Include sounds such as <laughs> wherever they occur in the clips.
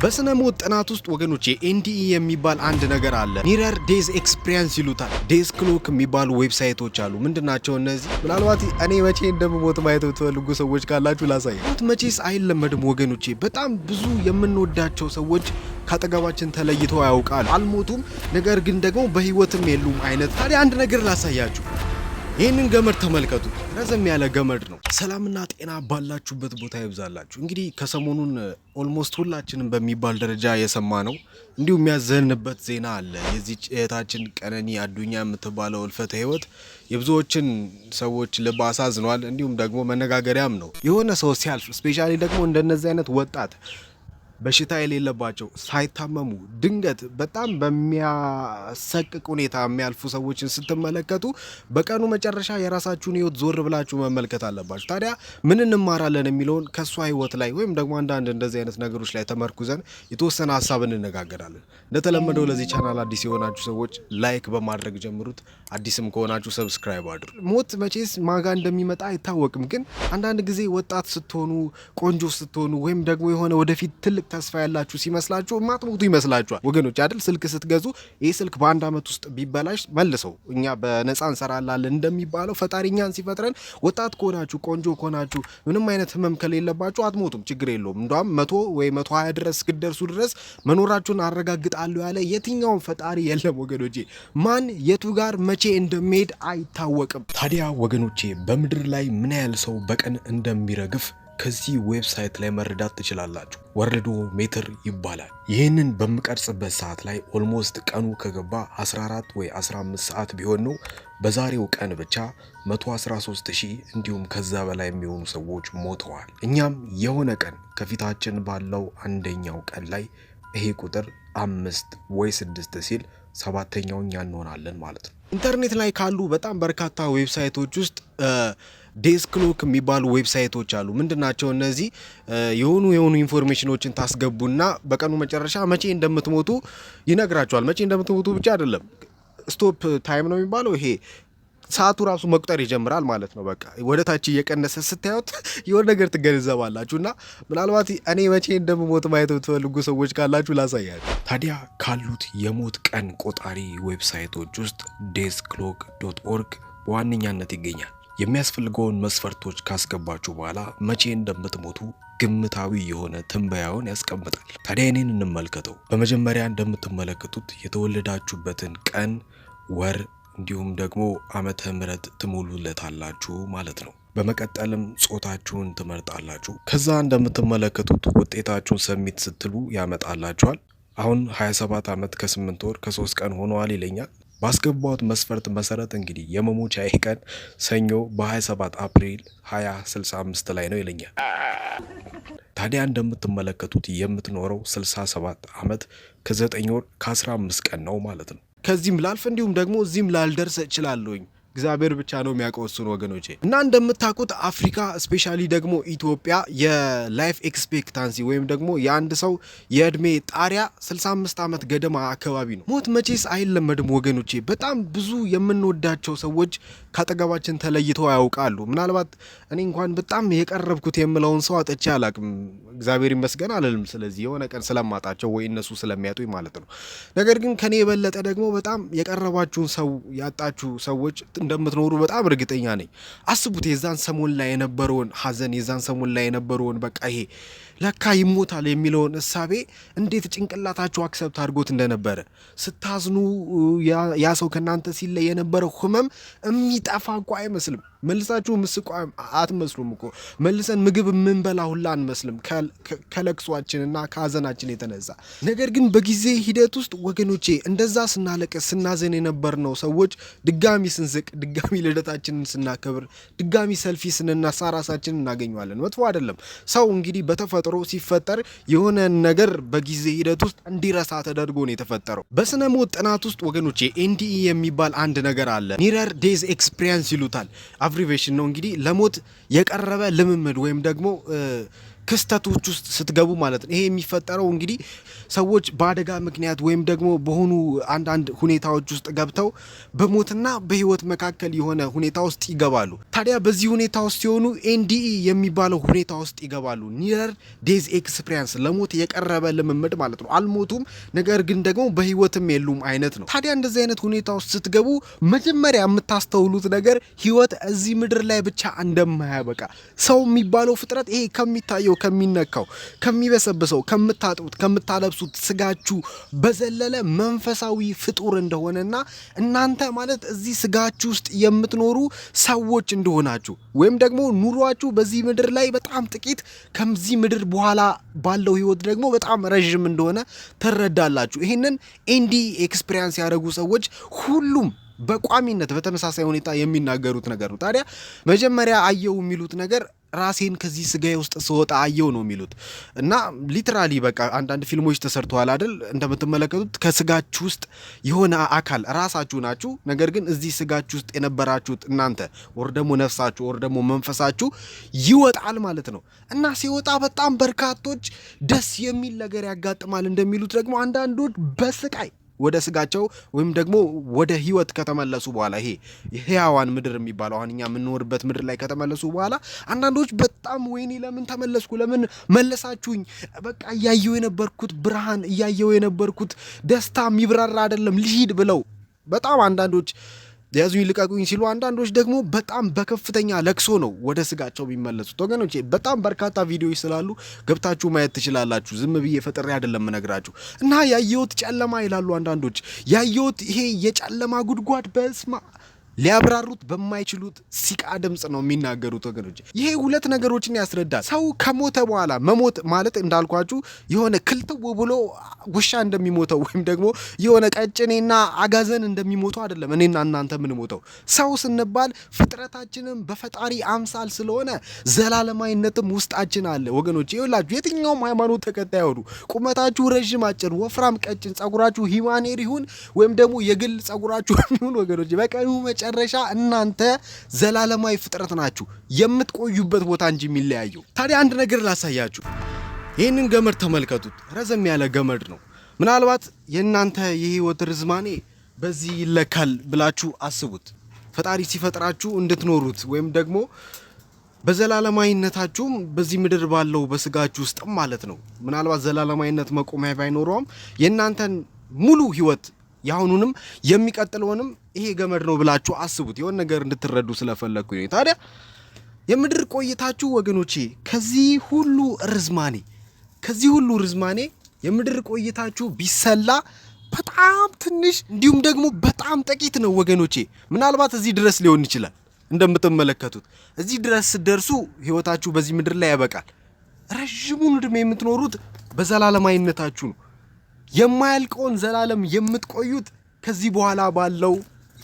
በስነ ሞት ጥናት ውስጥ ወገኖች የኤንዲኢ የሚባል አንድ ነገር አለ። ሚረር ዴዝ ኤክስፒሪየንስ ይሉታል። ዴዝ ክሎክ የሚባሉ ዌብሳይቶች አሉ። ምንድናቸው እነዚህ? ምናልባት እኔ መቼ እንደምሞት ማየት የምትፈልጉ ሰዎች ካላችሁ ላሳየ። ሞት መቼስ አይለመድም ወገኖቼ። በጣም ብዙ የምንወዳቸው ሰዎች ከአጠገባችን ተለይተው ያውቃሉ። አልሞቱም፣ ነገር ግን ደግሞ በህይወትም የሉም አይነት። ታዲያ አንድ ነገር ላሳያችሁ ይህንን ገመድ ተመልከቱ። ረዘም ያለ ገመድ ነው። ሰላምና ጤና ባላችሁበት ቦታ ይብዛላችሁ። እንግዲህ ከሰሞኑን ኦልሞስት ሁላችንም በሚባል ደረጃ የሰማ ነው እንዲሁም የሚያዘንበት ዜና አለ። የዚህ እህታችን ቀነኒ አዱኛ የምትባለው እልፈተ ህይወት የብዙዎችን ሰዎች ልብ አሳዝኗል። እንዲሁም ደግሞ መነጋገሪያም ነው። የሆነ ሰው ሲያልፍ ስፔሻሊ ደግሞ እንደነዚህ አይነት ወጣት በሽታ የሌለባቸው ሳይታመሙ ድንገት በጣም በሚያሰቅቅ ሁኔታ የሚያልፉ ሰዎችን ስትመለከቱ በቀኑ መጨረሻ የራሳችሁን ህይወት ዞር ብላችሁ መመልከት አለባችሁ። ታዲያ ምን እንማራለን የሚለውን ከእሷ ህይወት ላይ ወይም ደግሞ አንዳንድ እንደዚህ አይነት ነገሮች ላይ ተመርኩዘን የተወሰነ ሀሳብ እንነጋገራለን። እንደተለመደው ለዚህ ቻናል አዲስ የሆናችሁ ሰዎች ላይክ በማድረግ ጀምሩት። አዲስም ከሆናችሁ ሰብስክራይብ አድሩ። ሞት መቼስ ማጋ እንደሚመጣ አይታወቅም፣ ግን አንዳንድ ጊዜ ወጣት ስትሆኑ ቆንጆ ስትሆኑ ወይም ደግሞ የሆነ ወደፊት ትልቅ ተስፋ ያላችሁ ሲመስላችሁ ማጥሞቱ ይመስላችኋል ወገኖች አይደል? ስልክ ስትገዙ ይህ ስልክ በአንድ አመት ውስጥ ቢበላሽ መልሰው እኛ በነፃ እንሰራላለን እንደሚባለው ፈጣሪ እኛን ሲፈጥረን ወጣት ከሆናችሁ ቆንጆ ከሆናችሁ ምንም አይነት ህመም ከሌለባችሁ አትሞቱም፣ ችግር የለውም። እንዲም መቶ ወይ መቶ ሀያ ድረስ እስክደርሱ ድረስ መኖራችሁን አረጋግጣለሁ ያለ የትኛውም ፈጣሪ የለም ወገኖቼ። ማን የቱ ጋር መቼ እንደሚሄድ አይታወቅም። ታዲያ ወገኖቼ በምድር ላይ ምን ያህል ሰው በቀን እንደሚረግፍ ከዚህ ዌብሳይት ላይ መረዳት ትችላላችሁ። ወርልዶ ሜትር ይባላል። ይህንን በምቀርጽበት ሰዓት ላይ ኦልሞስት ቀኑ ከገባ 14 ወይ 15 ሰዓት ቢሆን ነው። በዛሬው ቀን ብቻ 113 ሺህ እንዲሁም ከዛ በላይ የሚሆኑ ሰዎች ሞተዋል። እኛም የሆነ ቀን ከፊታችን ባለው አንደኛው ቀን ላይ ይሄ ቁጥር አምስት ወይ ስድስት ሲል ሰባተኛው እኛ እንሆናለን ማለት ነው። ኢንተርኔት ላይ ካሉ በጣም በርካታ ዌብሳይቶች ውስጥ ዴስክሎክ የሚባሉ ዌብሳይቶች አሉ። ምንድናቸው እነዚህ? የሆኑ የሆኑ ኢንፎርሜሽኖችን ታስገቡና በቀኑ መጨረሻ መቼ እንደምትሞቱ ይነግራቸዋል። መቼ እንደምትሞቱ ብቻ አይደለም፣ ስቶፕ ታይም ነው የሚባለው ይሄ ሰዓቱ ራሱ መቁጠር ይጀምራል ማለት ነው። በቃ ወደ ታች እየቀነሰ ስታዩት <laughs> የሆነ ነገር ትገነዘባላችሁ። እና ምናልባት እኔ መቼ እንደምሞት ማየት የምትፈልጉ ሰዎች ካላችሁ ላሳያል። ታዲያ ካሉት የሞት ቀን ቆጣሪ ዌብሳይቶች ውስጥ ዴስክሎክ ዶት ኦርግ በዋነኛነት ይገኛል። የሚያስፈልገውን መስፈርቶች ካስገባችሁ በኋላ መቼ እንደምትሞቱ ግምታዊ የሆነ ትንበያውን ያስቀምጣል። ታዲያ እኔን እንመልከተው። በመጀመሪያ እንደምትመለከቱት የተወለዳችሁበትን ቀን፣ ወር እንዲሁም ደግሞ ዓመተ ምሕረት ትሞሉለታላችሁ ማለት ነው። በመቀጠልም ጾታችሁን ትመርጣላችሁ። ከዛ እንደምትመለከቱት ውጤታችሁን ሰሚት ስትሉ ያመጣላችኋል። አሁን 27 ዓመት ከ8 ወር ከ3 ቀን ሆነዋል ይለኛል። ባስገባት መስፈርት መሰረት እንግዲህ የመሞቻዬ ቀን ሰኞ በ27 አፕሪል 2065 ላይ ነው ይለኛል። ታዲያ እንደምትመለከቱት የምትኖረው 67 ዓመት ከ9 ወር ከ15 ቀን ነው ማለት ነው። ከዚህም ላልፍ እንዲሁም ደግሞ እዚህም ላልደርስ እችላለሁኝ። እግዚአብሔር ብቻ ነው የሚያውቀው ወገኖች ወገኖቼ። እና እንደምታውቁት አፍሪካ ስፔሻሊ ደግሞ ኢትዮጵያ የላይፍ ኤክስፔክታንሲ ወይም ደግሞ የአንድ ሰው የእድሜ ጣሪያ 65 ዓመት ገደማ አካባቢ ነው። ሞት መቼስ አይለመድም ወገኖቼ። በጣም ብዙ የምንወዳቸው ሰዎች ከአጠገባችን ተለይተው ያውቃሉ። ምናልባት እኔ እንኳን በጣም የቀረብኩት የምለውን ሰው አጥቼ አላቅም። እግዚአብሔር ይመስገን አልልም። ስለዚህ የሆነ ቀን ስለማጣቸው ወይ እነሱ ስለሚያጡኝ ማለት ነው። ነገር ግን ከኔ የበለጠ ደግሞ በጣም የቀረባችሁን ሰው ያጣችሁ ሰዎች እንደምትኖሩ በጣም እርግጠኛ ነኝ። አስቡት የዛን ሰሞን ላይ የነበረውን ሀዘን የዛን ሰሞን ላይ የነበረውን በቃ ይሄ ለካ ይሞታል የሚለውን እሳቤ እንዴት ጭንቅላታችሁ አክሰብት አድርጎት እንደነበረ ስታዝኑ ያ ሰው ከእናንተ ሲለይ የነበረው ህመም የሚጠፋ እኮ አይመስልም። መልሳችሁ ምስቆ አትመስሉም እኮ መልሰን ምግብ የምንበላ ሁላ አንመስልም ከለቅሷችንና ከሀዘናችን የተነሳ ነገር ግን በጊዜ ሂደት ውስጥ ወገኖቼ እንደዛ ስናለቅስ ስናዘን የነበርነው ሰዎች ድጋሚ ስንስቅ፣ ድጋሚ ልደታችንን ስናከብር፣ ድጋሚ ሰልፊ ስንነሳ ራሳችንን እናገኘዋለን። መጥፎ አይደለም። ሰው እንግዲህ በተፈ ተፈጥሮ ሲፈጠር የሆነ ነገር በጊዜ ሂደት ውስጥ እንዲረሳ ተደርጎ ነው የተፈጠረው። በስነ ሞት ጥናት ውስጥ ወገኖቼ ኤንዲኢ የሚባል አንድ ነገር አለ። ኒረር ዴዝ ኤክስፒሪየንስ ይሉታል። አብሪቬሽን ነው እንግዲህ ለሞት የቀረበ ልምምድ ወይም ደግሞ ክስተቶች ውስጥ ስትገቡ ማለት ነው። ይሄ የሚፈጠረው እንግዲህ ሰዎች በአደጋ ምክንያት ወይም ደግሞ በሆኑ አንዳንድ ሁኔታዎች ውስጥ ገብተው በሞትና በህይወት መካከል የሆነ ሁኔታ ውስጥ ይገባሉ። ታዲያ በዚህ ሁኔታ ውስጥ ሲሆኑ ኤንዲኢ የሚባለው ሁኔታ ውስጥ ይገባሉ። ኒር ዴዝ ኤክስፕሪያንስ ለሞት የቀረበ ልምምድ ማለት ነው። አልሞቱም፣ ነገር ግን ደግሞ በህይወትም የሉም አይነት ነው። ታዲያ እንደዚህ አይነት ሁኔታ ውስጥ ስትገቡ መጀመሪያ የምታስተውሉት ነገር ህይወት እዚህ ምድር ላይ ብቻ እንደማያበቃ ሰው የሚባለው ፍጥረት ይሄ ከሚታየው ከሚነካው ከሚበሰብሰው፣ ከምታጥቡት፣ ከምታለብሱት ስጋችሁ በዘለለ መንፈሳዊ ፍጡር እንደሆነና እናንተ ማለት እዚህ ስጋችሁ ውስጥ የምትኖሩ ሰዎች እንደሆናችሁ ወይም ደግሞ ኑሯችሁ በዚህ ምድር ላይ በጣም ጥቂት ከዚህ ምድር በኋላ ባለው ህይወት ደግሞ በጣም ረዥም እንደሆነ ትረዳላችሁ። ይህንን ኤንዲ ኤክስፒሪያንስ ያደረጉ ሰዎች ሁሉም በቋሚነት በተመሳሳይ ሁኔታ የሚናገሩት ነገር ነው። ታዲያ መጀመሪያ አየው የሚሉት ነገር ራሴን ከዚህ ስጋዬ ውስጥ ስወጣ አየው ነው የሚሉት እና ሊትራሊ በቃ አንዳንድ ፊልሞች ተሰርተዋል አይደል? እንደምትመለከቱት ከስጋችሁ ውስጥ የሆነ አካል ራሳችሁ ናችሁ። ነገር ግን እዚህ ስጋችሁ ውስጥ የነበራችሁት እናንተ ወር ደግሞ ነፍሳችሁ ወር ደግሞ መንፈሳችሁ ይወጣል ማለት ነው እና ሲወጣ በጣም በርካቶች ደስ የሚል ነገር ያጋጥማል እንደሚሉት ደግሞ አንዳንዶች በስቃይ ወደ ስጋቸው ወይም ደግሞ ወደ ህይወት ከተመለሱ በኋላ ይሄ ህያዋን ምድር የሚባለው አሁን እኛ የምንኖርበት ምድር ላይ ከተመለሱ በኋላ አንዳንዶች በጣም ወይኔ ለምን ተመለስኩ፣ ለምን መለሳችሁኝ፣ በቃ እያየው የነበርኩት ብርሃን፣ እያየው የነበርኩት ደስታ የሚብራራ አይደለም፣ ልሂድ ብለው በጣም አንዳንዶች ያዙ ይልቀቁኝ ሲሉ አንዳንዶች ደግሞ በጣም በከፍተኛ ለቅሶ ነው ወደ ስጋቸው የሚመለሱት። ወገኖች በጣም በርካታ ቪዲዮዎች ስላሉ ገብታችሁ ማየት ትችላላችሁ። ዝም ብዬ ፈጥሬ አይደለም እነግራችሁ እና ያየሁት ጨለማ ይላሉ አንዳንዶች። ያየሁት ይሄ የጨለማ ጉድጓድ በስማ ሊያብራሩት በማይችሉት ሲቃ ድምፅ ነው የሚናገሩት። ወገኖች ይሄ ሁለት ነገሮችን ያስረዳል። ሰው ከሞተ በኋላ መሞት ማለት እንዳልኳችሁ የሆነ ክልትው ብሎ ውሻ እንደሚሞተው ወይም ደግሞ የሆነ ቀጭኔና አጋዘን እንደሚሞተው አይደለም እኔና እናንተ የምንሞተው። ሰው ስንባል ፍጥረታችንም በፈጣሪ አምሳል ስለሆነ ዘላለማዊነትም ውስጣችን አለ። ወገኖች ይኸውላችሁ የትኛውም ሃይማኖት ተከታይ ሆኑ፣ ቁመታችሁ ረዥም፣ አጭር፣ ወፍራም፣ ቀጭን፣ ጸጉራችሁ ሂማኔር ይሁን ወይም ደግሞ የግል ጸጉራችሁ <laughs> ይሁን ወገኖች በቀኑ መጨ መጨረሻ እናንተ ዘላለማዊ ፍጥረት ናችሁ፣ የምትቆዩበት ቦታ እንጂ የሚለያየው። ታዲያ አንድ ነገር ላሳያችሁ። ይህንን ገመድ ተመልከቱት። ረዘም ያለ ገመድ ነው። ምናልባት የእናንተ የህይወት ርዝማኔ በዚህ ይለካል ብላችሁ አስቡት። ፈጣሪ ሲፈጥራችሁ እንድትኖሩት ወይም ደግሞ በዘላለማዊነታችሁም በዚህ ምድር ባለው በስጋችሁ ውስጥም ማለት ነው። ምናልባት ዘላለማዊነት መቆሚያ ባይኖረውም የእናንተን ሙሉ ህይወት የአሁኑንም የሚቀጥለውንም ይሄ ገመድ ነው ብላችሁ አስቡት። የሆነ ነገር እንድትረዱ ስለፈለግኩ ነው። ታዲያ የምድር ቆይታችሁ ወገኖቼ፣ ከዚህ ሁሉ ርዝማኔ ከዚህ ሁሉ ርዝማኔ የምድር ቆይታችሁ ቢሰላ በጣም ትንሽ እንዲሁም ደግሞ በጣም ጥቂት ነው ወገኖቼ። ምናልባት እዚህ ድረስ ሊሆን ይችላል። እንደምትመለከቱት እዚህ ድረስ ስትደርሱ ህይወታችሁ በዚህ ምድር ላይ ያበቃል። ረዥሙን ዕድሜ የምትኖሩት በዘላለማዊነታችሁ ነው። የማያልቀውን ዘላለም የምትቆዩት ከዚህ በኋላ ባለው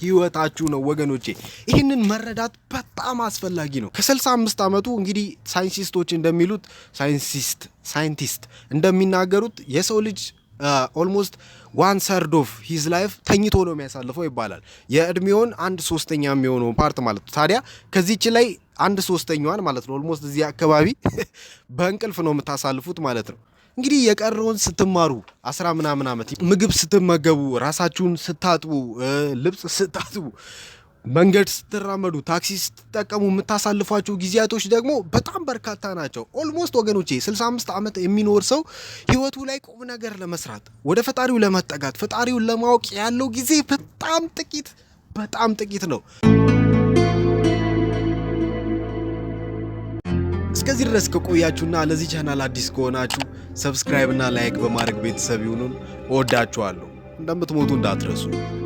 ህይወታችሁ ነው ወገኖቼ። ይህንን መረዳት በጣም አስፈላጊ ነው። ከ65 ዓመቱ እንግዲህ ሳይንቲስቶች እንደሚሉት ሳይንቲስት ሳይንቲስት እንደሚናገሩት የሰው ልጅ ኦልሞስት ዋን ሰርድ ኦፍ ሂዝ ላይፍ ተኝቶ ነው የሚያሳልፈው ይባላል። የእድሜውን አንድ ሶስተኛ የሚሆነው ፓርት ማለት ነው። ታዲያ ከዚች ላይ አንድ ሶስተኛዋን ማለት ነው ኦልሞስት እዚህ አካባቢ <laughs> በእንቅልፍ ነው የምታሳልፉት ማለት ነው። እንግዲህ የቀረውን ስትማሩ አስራ ምናምን ዓመት ምግብ ስትመገቡ፣ ራሳችሁን ስታጥቡ፣ ልብስ ስታጥቡ፣ መንገድ ስትራመዱ፣ ታክሲ ስትጠቀሙ የምታሳልፏቸው ጊዜያቶች ደግሞ በጣም በርካታ ናቸው። ኦልሞስት ወገኖቼ 65 ዓመት የሚኖር ሰው ህይወቱ ላይ ቁም ነገር ለመስራት ወደ ፈጣሪው ለመጠጋት ፈጣሪውን ለማወቅ ያለው ጊዜ በጣም ጥቂት በጣም ጥቂት ነው። እስከዚህ ድረስ ከቆያችሁና ለዚህ ቻናል አዲስ ከሆናችሁ ሰብስክራይብና ላይክ በማድረግ ቤተሰብ ይሁኑን። እወዳችኋለሁ። እንደምትሞቱ እንዳትረሱ።